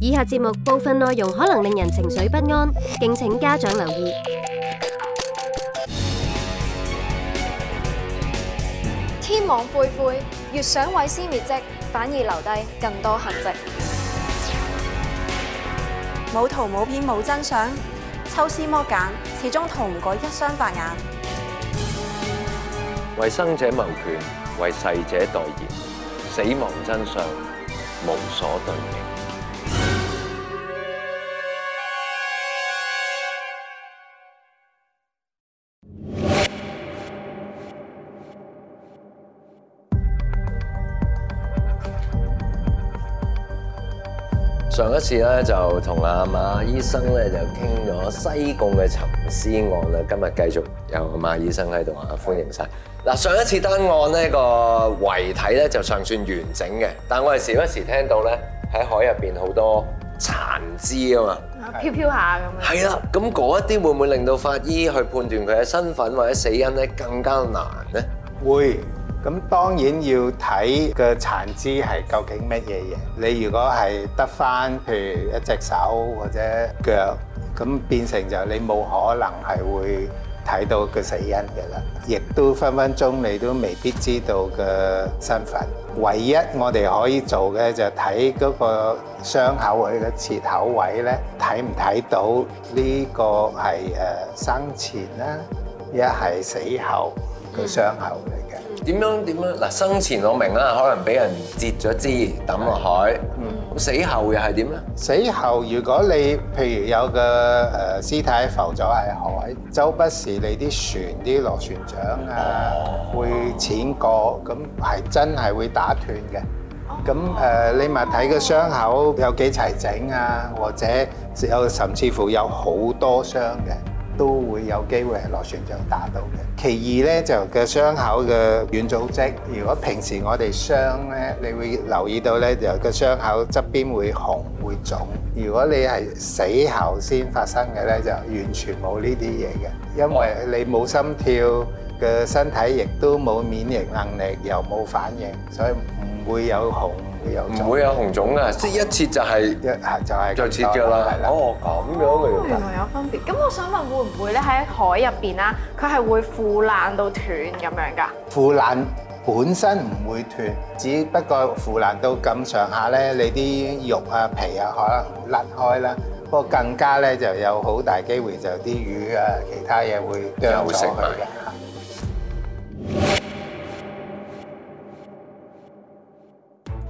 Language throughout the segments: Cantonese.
以下節目部分內容可能令人情緒不安，敬請家長留意。天網恢恢，越想毀屍滅跡，反而留低更多痕跡。冇圖冇片冇真相，抽絲剝繭，始終逃唔過一雙法眼。為生者謀權，為逝者代言，死亡真相無所遁形。上一次咧就同阿馬醫生咧就傾咗西貢嘅沉屍案啦，今日繼續有阿馬醫生喺度啊，歡迎晒。嗱，上一次單案呢個遺體咧就尚算完整嘅，但我哋時不時聽到咧喺海入邊好多殘肢啊嘛，飄飄下咁樣。係啦，咁嗰一啲會唔會令到法醫去判斷佢嘅身份或者死因咧更加難咧？會。咁當然要睇個殘肢係究竟乜嘢嘢。你如果係得返譬如一隻手或者腳，咁變成就你冇可能係會睇到個死因嘅啦。亦都分分鐘你都未必知道嘅身份。唯一我哋可以做嘅就睇嗰個傷口佢嘅切口位咧，睇唔睇到呢個係誒生前啦，一係死後嘅傷口嚟。點樣點樣嗱？生前我明啦，可能俾人截咗肢抌落海。是的 嗯，咁死後又係點咧？死後如果你譬如有個誒屍、呃、體浮咗喺海，周不時你啲船啲螺旋槳啊、哦、會潛過，咁係真係會打斷嘅。咁誒、哦，你、呃、屍體嘅傷口有幾齊整啊？或者有甚至乎有好多傷嘅。都會有機會係螺旋槳就打到嘅。其二咧，就個傷口嘅軟組織，如果平時我哋傷咧，你會留意到咧，就個傷口側邊會紅會腫。如果你係死後先發生嘅咧，就完全冇呢啲嘢嘅，因為你冇心跳，個身體亦都冇免疫能力，又冇反應，所以唔會有紅。唔會有紅腫噶，即係一次就係一係就係再切咗啦。哦，咁樣嚟㗎。原來有分別。咁我想問，會唔會咧喺海入邊啦，佢係會腐爛到斷咁樣㗎？腐爛本身唔會斷，只不過腐爛到咁上下咧，你啲肉啊皮啊可能甩開啦。不過更加咧就有好大機會就啲魚啊其他嘢會咬食佢㗎。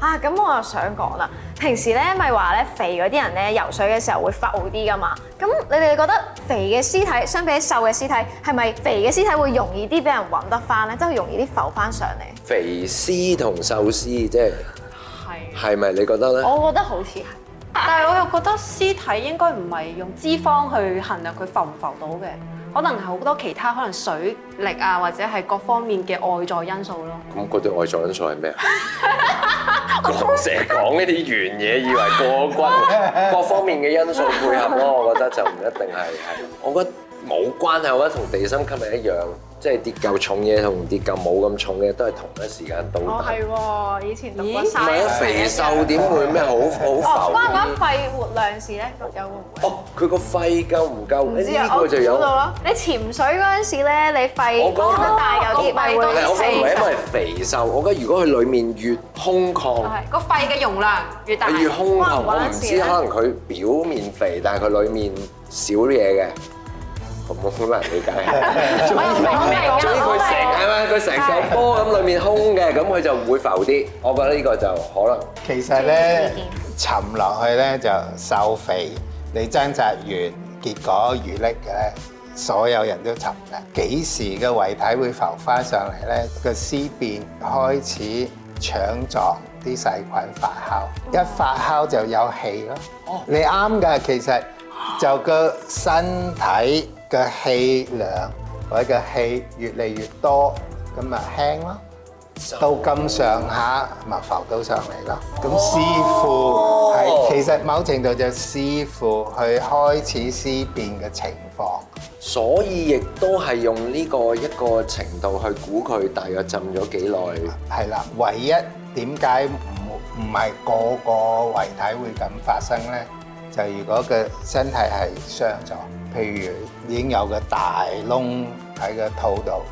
啊，咁我又想講啦。平時咧，咪話咧肥嗰啲人咧游水嘅時候會浮啲㗎嘛？咁你哋覺得肥嘅屍體相比瘦嘅屍體，係咪肥嘅屍體會容易啲俾人揾得翻咧，就是？即係容易啲浮翻上嚟？肥屍同瘦屍即係係咪你覺得咧？我覺得好似係，但係我又覺得屍體應該唔係用脂肪去衡量佢浮唔浮到嘅，可能係好多其他可能水力啊，或者係各方面嘅外在因素咯。咁嗰啲外在因素係咩啊？ 我成日講呢啲原嘢，以為過關，各方面嘅因素配合咯，我覺得就唔一定係係。我覺得。冇關係，我覺得同地心吸力一樣，即係跌夠重嘢同跌夠冇咁重嘅都係同一時間到。哦，係喎，以前讀乜嘢？唔係啊，肥瘦點會咩？好好浮。我係講肺活量時咧，有個哦，佢個肺夠唔夠？唔知啊，就有到咯。你潛水嗰陣時咧，你肺呼吸大有啲肺都肥。我講唔係因為肥瘦，我覺得如果佢裡面越空曠，個肺嘅容量越大，越空曠。我唔知可能佢表面肥，但係佢裡面少啲嘢嘅。咁好難理解，所以所以佢成係嘛，佢成嚿波咁，裏面空嘅，咁佢就會浮啲。我覺得呢個就可能其實咧沉落去咧就瘦肥，你掙扎完結果餘力嘅咧，所有人都沉啦。幾時嘅遺體會浮翻上嚟咧？個屍變開始腸臟啲細菌發酵，一發酵就有氣咯。你啱㗎，其實就個身體，嘅氣量或者個氣越嚟越多，咁咪輕咯，到咁上下咪浮到上嚟咯。咁師傅係其實某程度就師傅去開始屍變嘅情況，所以亦都係用呢個一個程度去估佢大約浸咗幾耐。係啦，唯一點解唔唔係個個遺體會咁發生咧？就如果個身體係傷咗，譬如已經有個大窿喺個肚度，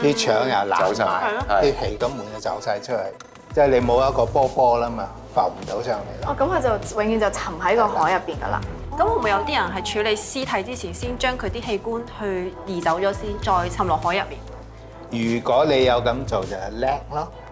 啲的腸又爛埋，啲氣咁滿就走晒出嚟。是的 即係你冇一個波波啦嘛，浮唔到上嚟啦。哦，咁佢就永遠就沉喺個海入邊噶啦。咁會唔會有啲人係處理屍體之前，先將佢啲器官去移走咗先，再沉落海入面？如果你有咁做就叻囉。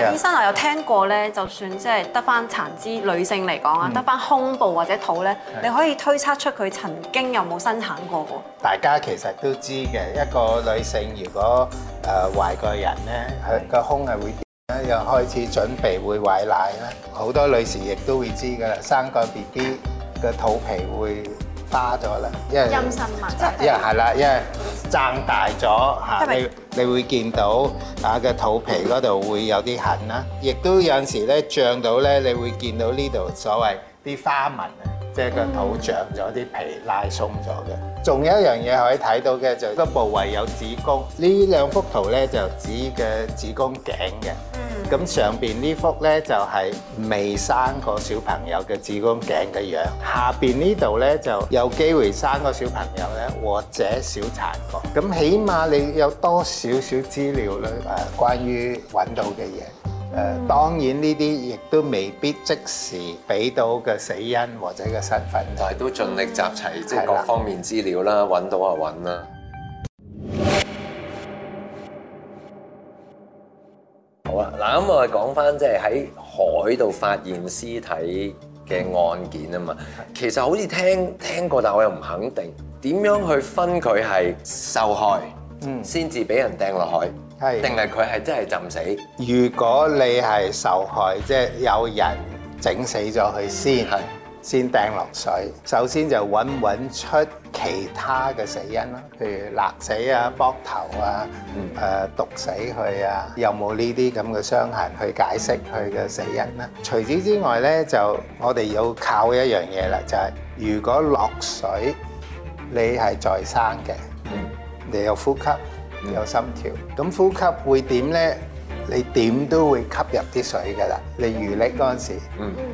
醫生，我有聽過咧，就算即係得返殘肢女性嚟講啊，得返胸部或者肚咧，嗯、你可以推測出佢曾經有冇生產過喎。大家其實都知嘅，一個女性如果誒懷過人咧，佢個胸係會咧又開始準備會餵奶啦。好多女士亦都會知噶啦，生個 B B 個肚皮會花咗啦，因為陰身物，啊、因為係啦，了因為脹大咗嚇，是是你你會見到啊個肚皮嗰度會有啲痕啦，亦都有陣時咧漲到咧，你會見到呢度、啊、所謂啲花紋啊。即係個肚長咗啲皮，拉鬆咗嘅。仲有一樣嘢可以睇到嘅，就係個部位有子宮。呢兩幅圖咧，就指嘅子宮頸嘅。嗯。咁上邊呢幅咧，就係未生過小朋友嘅子宮頸嘅樣。下邊呢度咧，就有機會生過小朋友咧，或者小產過。咁起碼你有多少少資料咧？誒，關於揾到嘅嘢。誒，當然呢啲亦都未必即時俾到個死因或者個身份，但係都盡力集齊的即係各方面資料啦，揾到就揾啦。的好啦，嗱咁我哋講翻即係喺海度發現屍體嘅案件啊嘛，其實好似聽聽過，但係我又唔肯定點樣去分佢係受害，嗯，先至俾人掟落海。係定係佢係真係浸死？如果你係受害，即係有人整死咗佢先，先掟落水。首先就揾揾出其他嘅死因咯，譬如勒死啊、膊頭啊、誒毒死佢啊，有冇呢啲咁嘅傷痕去解釋佢嘅死因咧？除此之外咧，就我哋要靠一樣嘢啦，就係如果落水，你係在生嘅，你有呼吸。有心跳，咁呼吸會點咧？你點都會吸入啲水㗎喇。你遇溺嗰陣時，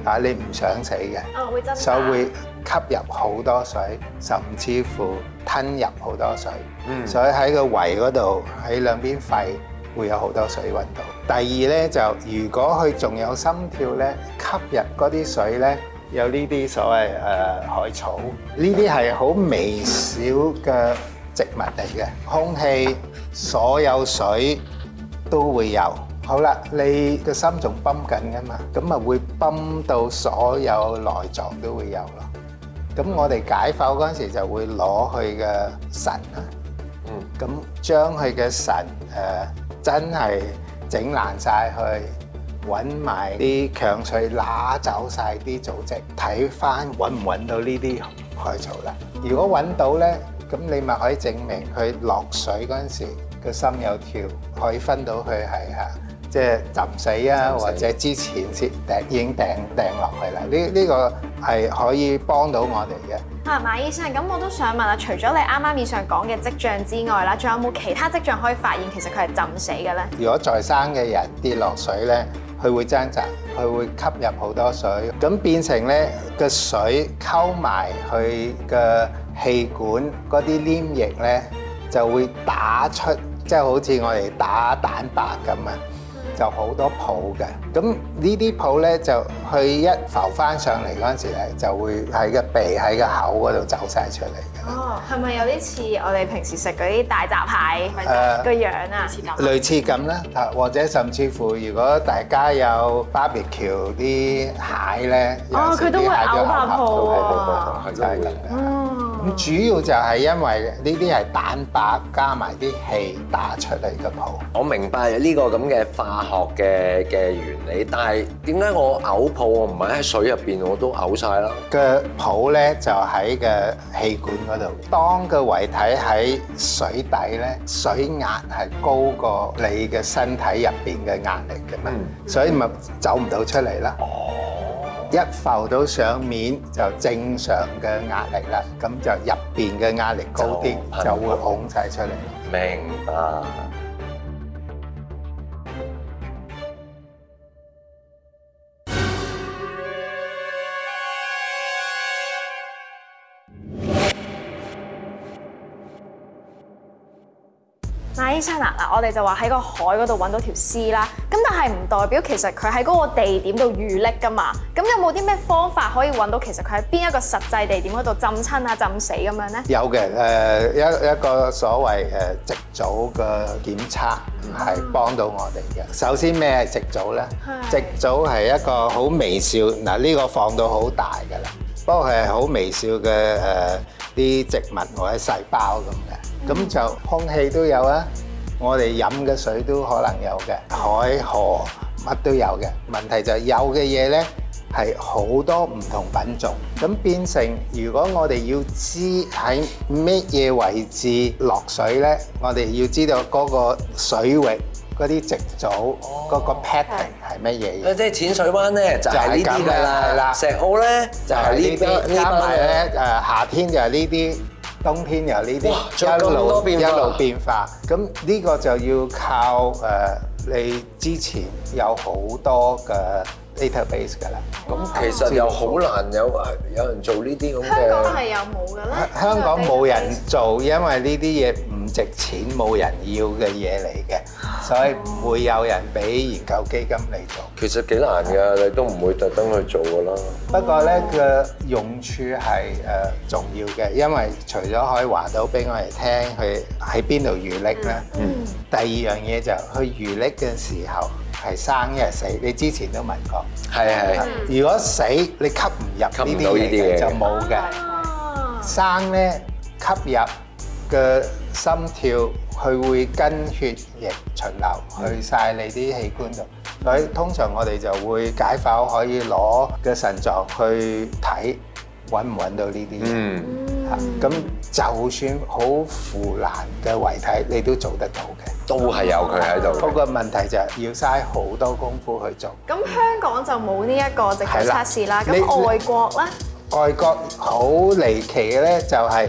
啊、嗯，你唔想死嘅，嗯、所以會吸入好多水，甚至乎吞入好多水，嗯、所以喺個胃嗰度，喺兩邊肺會有好多水揾到。第二咧就，如果佢仲有心跳咧，吸入嗰啲水咧，有呢啲所謂誒、uh, 海草，呢啲係好微小嘅植物嚟嘅，空氣。所有水都會有，好啦，你個心仲泵緊噶嘛，咁啊會泵到所有內臟都會有咯。咁我哋解剖嗰陣時就會攞佢嘅腎啊，嗯，咁將佢嘅腎誒真係整爛曬去揾埋啲強水，拿走曬啲組織，睇翻揾唔揾到呢啲構造啦。如果揾到咧，咁你咪可以證明佢落水嗰陣時。個心有跳，可以分到佢係嚇，即係浸死啊，死或者之前先掟已經掟掟落去啦。呢呢、這個係可以幫到我哋嘅。啊，馬醫生，咁我都想問啊，除咗你啱啱面上講嘅跡象之外啦，仲有冇其他跡象可以發現其實佢係浸死嘅咧？如果在生嘅人跌落水咧，佢會掙扎，佢會吸入好多水，咁變成咧個水溝埋佢嘅氣管嗰啲黏液咧，就會打出。即係好似我哋打蛋白咁啊，就好多泡嘅。咁呢啲泡咧，就佢一浮翻上嚟嗰陣時咧，就會喺個鼻、喺個口嗰度走晒出嚟。哦，係咪有啲似我哋平時食嗰啲大閘蟹個樣啊？呃、類似咁啦，或者甚至乎，如果大家有 barbecue 啲蟹咧，蟹哦，佢蟹都會合抱啊，真係、哦、～主要就係因為呢啲係蛋白加埋啲氣打出嚟嘅泡。我明白呢個咁嘅化學嘅嘅原理，但係點解我嘔泡我唔係喺水入邊我都嘔曬啦？嘅泡咧就喺個氣管嗰度。當個遺體喺水底咧，水壓係高過你嘅身體入邊嘅壓力嘅嘛，嗯、所以咪走唔到出嚟啦。哦。一浮到上面就正常嘅壓力啦，咁就入邊嘅壓力高啲噴就會拱曬出嚟。明白。嗱，我哋就話喺個海嗰度揾到條屍啦，咁但係唔代表其實佢喺嗰個地點度遇溺噶嘛？咁有冇啲咩方法可以揾到其實佢喺邊一個實際地點嗰度浸親啊、浸死咁樣咧？有嘅，誒，一一個所謂誒矽藻嘅檢測係幫到我哋嘅。首先咩係矽藻咧？係矽藻係一個好微小嗱，呢個放到好大噶啦。不過係好微小嘅誒啲植物或者細胞咁嘅，咁就空氣都有啊。我哋飲嘅水都可能有嘅，海河乜都有嘅。問題就係有嘅嘢咧，係好多唔同品種。咁變成如果我哋要知喺咩嘢位置落水咧，我哋要知道嗰個水域嗰啲矽藻嗰個 pattern 係乜嘢嘅。即係淺水灣咧就係呢啲㗎啦，石澳咧就係呢啲，加埋咧誒夏天就係呢啲。冬天有呢啲一路一路變化，咁呢、啊、個就要靠誒、uh，你之前有好多嘅 database 㗎啦。咁、哦、那才 其實又好難有、啊、有人做呢啲咁嘅。香港係有冇㗎咧？香港冇人做，有因為呢啲嘢。值錢冇人要嘅嘢嚟嘅，所以唔會有人俾研究基金嚟做。其實幾難㗎，對 你都唔會特登去做㗎啦。不過咧，個、嗯、用處係誒重要嘅，因為除咗可以話到俾我哋聽佢喺邊度遇溺咧。嗯。第二樣嘢就係佢遇溺嘅時候係生一係死，你之前都問過。係係的。如果死你吸唔入的。吸唔到呢啲嘢。就冇嘅。生咧吸入嘅。心跳佢會跟血液循流去曬你啲器官度，所以通常我哋就會解剖可以攞嘅腎臟去睇，揾唔揾到呢啲嘢？嗯，咁就算好腐爛嘅遺體，你都做得到嘅，都係有佢喺度。不過問題就係要嘥好多功夫去做。咁香港就冇呢一個直接測試啦。咁外國咧？外國好離奇嘅咧，就係。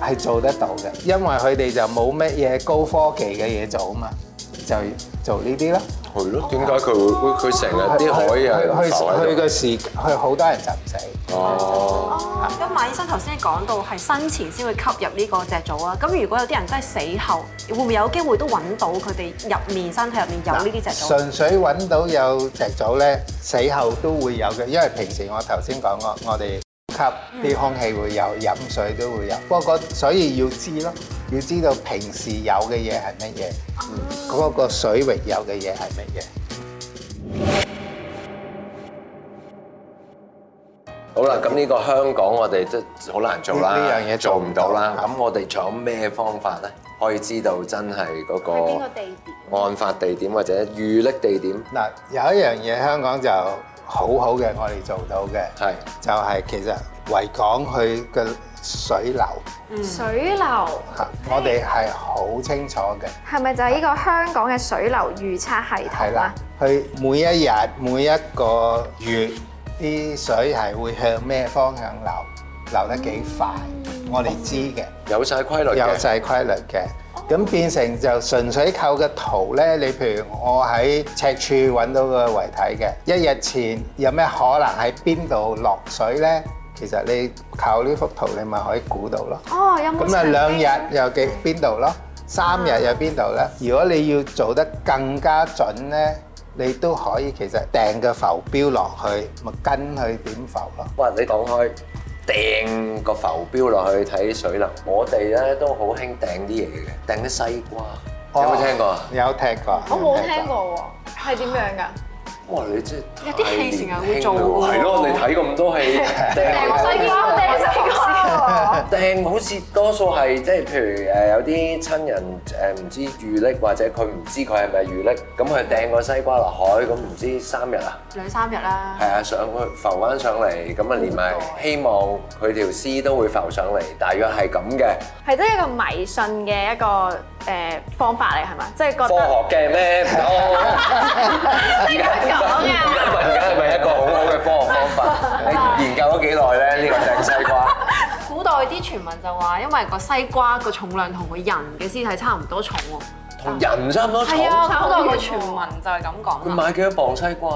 係做得到嘅，因為佢哋就冇乜嘢高科技嘅嘢做啊嘛，就做呢啲咯。係咯。點解佢會佢佢成日啲海啊？去去個時，去好多人浸死。哦。咁馬醫生頭先講到係生前先會吸入呢個矽藻啊。咁如果有啲人真係死後，會唔會有機會都揾到佢哋入面身體入面有呢啲矽藻？純粹揾到有矽藻咧，死後都會有嘅，因為平時我頭先講過我哋。吸啲空氣會有，飲水都會有。不過，所以要知咯，要知道平時有嘅嘢係乜嘢，嗰個水域有嘅嘢係乜嘢。好啦，咁呢個香港我哋都好難做啦，呢樣嘢做唔到啦。咁我哋仲有咩方法咧，可以知道真係嗰個案發地點或者遇溺地點？嗱，有一樣嘢香港就。好好嘅，我哋做到嘅，係是就係其實維港佢嘅水流、水流、嗯，我哋係好清楚嘅。係咪就係呢個香港嘅水流預測系統？啊？係啦，佢每一日、每一個月啲、嗯、水係會向咩方向流，流得幾快，我哋知嘅、嗯，有晒規律，有晒規律嘅。咁、哦、變成就純粹靠個圖咧，你譬如我喺赤柱揾到個遺體嘅一日前，有咩可能喺邊度落水咧？其實你靠呢幅圖你咪可以估到咯。哦，有冇？咁啊，兩日又幾邊度咯？三日又邊度咧？哦、如果你要做得更加準咧，你都可以其實掟個浮標落去，咪跟佢點浮咯。喂，你講開。掟個浮標落去睇水啦！我哋咧都好興掟啲嘢嘅，掟啲西瓜，哦、有冇聽過？有聽過㗎，我冇聽過喎，係點樣㗎？哇！你真係有啲戲成日會做。係咯對，你睇咁多戲，掟個西瓜掟個西瓜，掟好似多數係即係譬如誒有啲親人誒唔知遇溺或者佢唔知佢係咪遇溺，咁佢掟個西瓜落海，咁唔知三,三日啊？兩三日啦。係啊，上去浮翻上嚟，咁啊連埋希望佢條屍都會浮上嚟，大約係咁嘅。係都一個迷信嘅一個。誒、呃、方法嚟係咪？即係覺得科學嘅咩唔通？點解係咁啊？而家係咪一個好好嘅科學方法？ 你研究咗幾耐咧？呢、呢個就係西瓜。 古代啲傳聞就話，因為個西瓜個重量同個人嘅屍體差唔多重同人差唔多。係啊，我睇過個傳聞就係咁講。佢買幾多磅西瓜？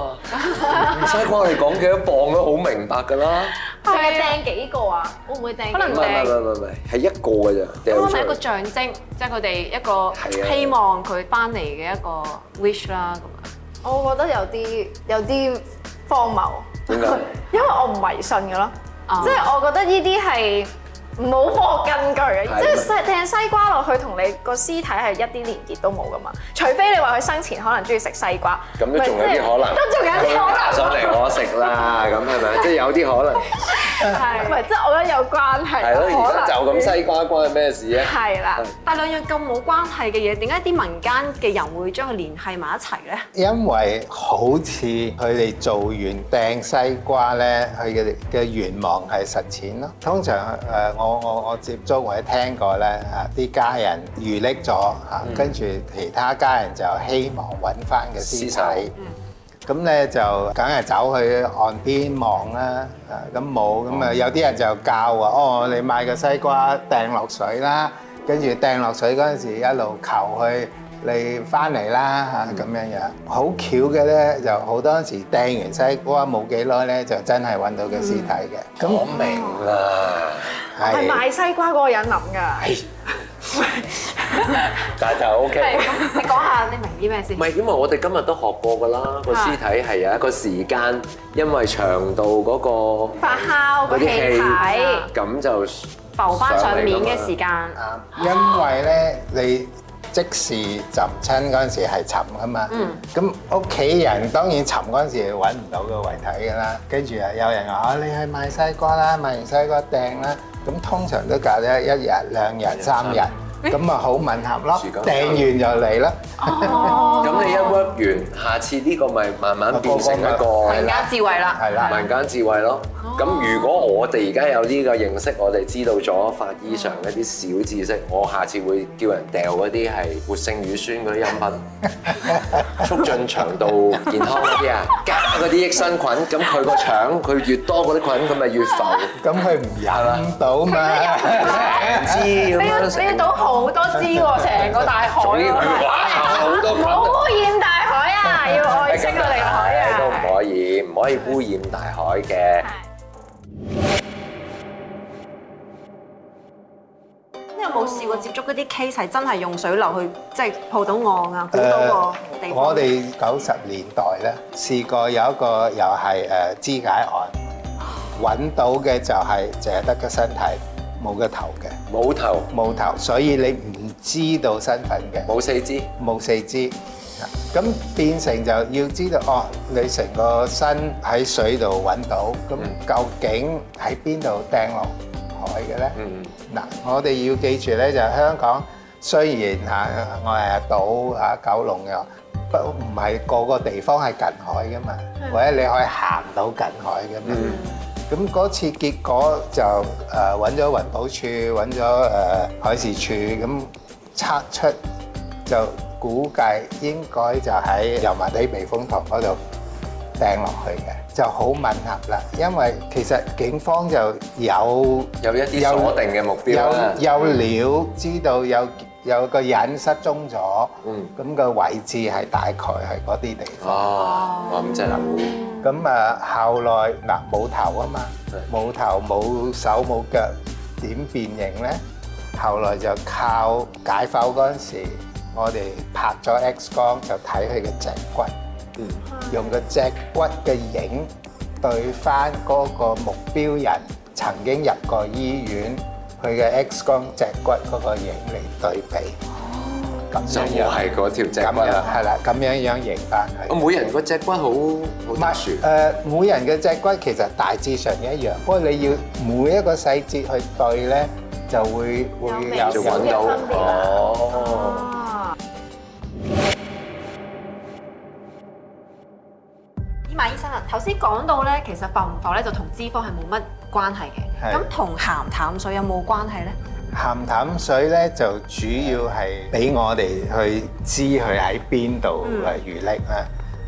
西瓜你講幾多磅都好明白㗎啦。佢掟幾個啊？會唔會掟？可能掟？唔係唔係唔係，係一個㗎啫。啱啱係一個象徵，即係佢哋一個希望佢翻嚟嘅一個 wish 啦咁樣。我覺得有啲有啲荒謬，因為我唔迷信㗎咯，即係我覺得呢啲係。唔好科學根據啊！即係掟西瓜落去同你個屍體係一啲連結都冇噶嘛？除非你話佢生前可能中意食西瓜，咁都仲有啲可能。都仲有啲可能。咁化妝嚟我食啦，咁係咪？即係有啲可能。係。唔係，即係我覺得有關係。係咯，可能就咁西瓜關係咩事啫？係啦，但兩樣咁冇關係嘅嘢，點解啲民間嘅人會將佢聯繫埋一齊咧？因為好似佢哋做完掟西瓜咧，佢嘅嘅願望係實踐咯。通常誒我。我我我接觸或者聽過咧，嚇啲家人遇溺咗嚇，跟住、嗯、其他家人就希望揾翻個屍體。咁咧、嗯、就梗係走去岸邊望啦嚇，咁冇咁啊有啲、嗯、人就教啊、嗯、哦,你買個西瓜掟落水啦，跟住掟落水嗰陣時一路求佢你翻嚟啦嚇咁樣樣。好、嗯、巧嘅咧，就好多時掟完西瓜冇幾耐咧，就真係揾到個屍體嘅。嗯、咁我明啦。係賣對西瓜嗰個人諗㗎。係 ，但就 OK。你講下你明啲咩先？唔係，因為我哋今日都學過㗎啦。個屍體係有一個時間，因為長度嗰、嗰個發酵嗰啲氣體，咁就浮翻上，上面嘅時間。啱，因為咧你。即係浸親嗰陣時係沉噶嘛，咁屋企人當然沉嗰陣時揾唔到個遺體㗎啦。跟住啊，有人話啊， 你去賣西瓜啦，賣完西瓜掟啦，咁通常都隔咗一日、兩日、三日。咁咪好吻合咯，訂完就嚟啦。哦，咁你一 work 完，下次呢個咪慢慢變成一個民間智慧啦，係啦，民間智慧咯。咁如果我哋而家有呢個認識，我哋知道咗法醫上一啲小知識，我下次會叫人掉嗰啲係活性乳酸嗰啲飲品，促進腸道健康嗰啲啊，加嗰啲益生菌，咁佢個腸佢越多嗰啲菌，咁咪越肥。咁佢唔入啦，唔到嘛，唔知咁樣食。你你賭紅？好多支喎，成個大海啊！唔好污染大海啊，要愛惜個離海啊！都唔可以，唔可以污染大海嘅。你有冇試過接觸嗰啲 case 係真係用水流去即係撲到岸啊？嗰個地方。我哋九十年代咧試過有一個又係誒肢解案，揾到嘅就係謝德嘅身體。冇個頭嘅，冇頭，冇頭，所以你唔知道身份嘅，冇四肢，冇四肢。咁變成就要知道，哦，你成個身喺水度揾到，咁究竟喺邊度掟落海嘅咧？嗱、嗯，我哋要記住咧，就是、香港雖然我係大島啊，島九龍又不唔係個個地方係近海嘅嘛，或者的你可以行到近海嘅嘛。嗯咁嗰次結果就誒揾咗環保處，揾咗誒海事處，咁測出就估計應該就喺油麻地避風塘嗰度掟落去嘅，就好吻合啦。因為其實警方就有有一啲鎖定嘅目標啦，有料知道有有個人失蹤咗，嗯，咁個位置係大概係嗰啲地方，哦，咁即係啦。咁啊，後來嗱冇頭啊嘛，冇是的 頭冇手冇腳，點辨認咧？後來就靠解剖嗰陣時，我哋拍咗 X 光，就睇佢嘅脊骨，用個脊骨嘅影對翻嗰個目標人曾經入過醫院佢嘅 X 光脊骨嗰個影嚟對比。就係嗰條脊骨啦，係啦，咁樣樣認翻。我每人嗰脊骨好好 match 誒，每人嘅脊骨其實大致上嘅一樣，不過你要每一個細節去對咧，就會會有就揾到哦。哦。咦，馬醫生啊，頭先講到咧，其實浮唔浮咧就同脂肪係冇乜關係嘅，咁同鹹淡水有冇關係咧？鹹淡水咧就主要係俾我哋去知佢喺邊度嚟淤溺啦。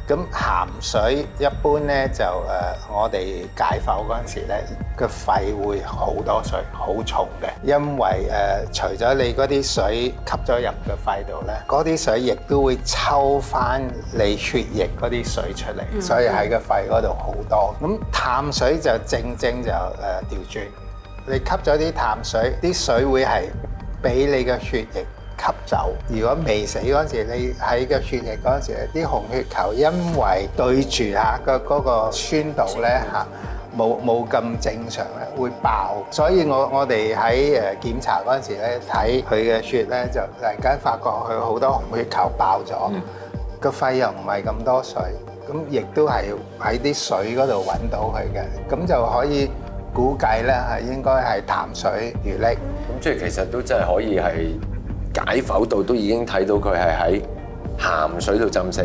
咁、嗯、鹹水一般咧就誒、呃，我哋解剖嗰陣時咧，個肺會好多水，好重嘅，因為誒、呃，除咗你嗰啲水吸咗入個肺度咧，嗰啲水亦都會抽翻你血液嗰啲水出嚟，嗯、所以喺個肺嗰度好多。咁淡水就正正就誒調轉。呃你吸咗啲淡水，啲水會係俾你嘅血液吸走。如果未死嗰陣時，你喺個血液嗰陣時啲紅血球因為對住下嘅嗰個酸度咧嚇冇冇咁正常咧，會爆。所以我我哋喺誒檢查嗰陣時咧，睇佢嘅血咧就突然間發覺佢好多紅血球爆咗，個肺又唔係咁多水，咁亦都係喺啲水嗰度揾到佢嘅，咁就可以。估計咧係應該係淡水魚溺，咁即係其實都真係可以係解剖度都已經睇到佢係喺鹹水度浸死，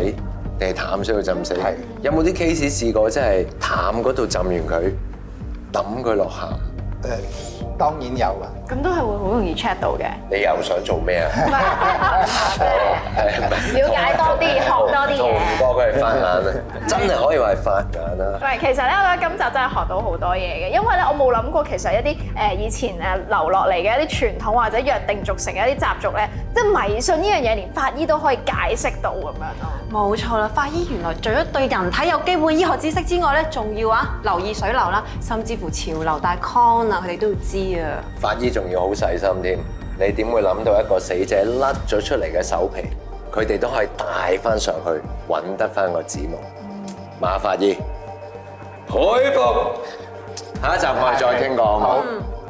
定係淡水度浸死？係有冇啲 case 試過即係淡嗰度浸完佢，抌佢落鹹？當然有啦，咁都係會好容易 check 到嘅。你又想做咩啊？了 我解多啲，是學，學多啲嘢。多佢翻眼啊！真係可以話係翻眼啦。唔係，其實咧，我覺得今集真係學到好多嘢嘅，因為咧，我冇諗過其實一啲誒以前誒留落嚟嘅一啲傳統或者約定俗成嘅一啲習俗咧，即、就、係、是、迷信呢樣嘢，連法醫都可以解釋到咁樣咯。冇錯啦，法醫原來除咗對人體有基本醫學知識之外咧，仲要啊留意水流啦，甚至乎潮流帶 con 啊，佢哋都要知。法醫仲要好細心添，你點會諗到一個死者甩咗出嚟嘅手皮，佢哋都可以戴翻上去，揾得翻個指紋。嗯、馬法醫，佩服！下一集我哋再傾過。是好嗯